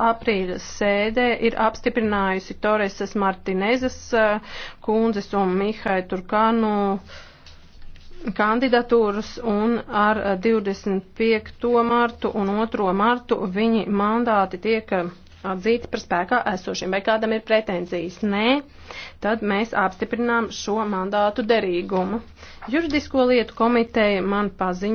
aprīļa sēdē ir apstiprinājusi Toreses Martinezes eh, kundzes un Mihai Turkanu kandidatūras un ar 25. Eh, martu un 2. martu viņi mandāti tiek eh, atzīti par spēkā esošiem, vai kādam ir pretenzijas. Nē, tad mēs apstiprinām šo mandātu derīgumu. Juridisko lietu komiteja man paziņo.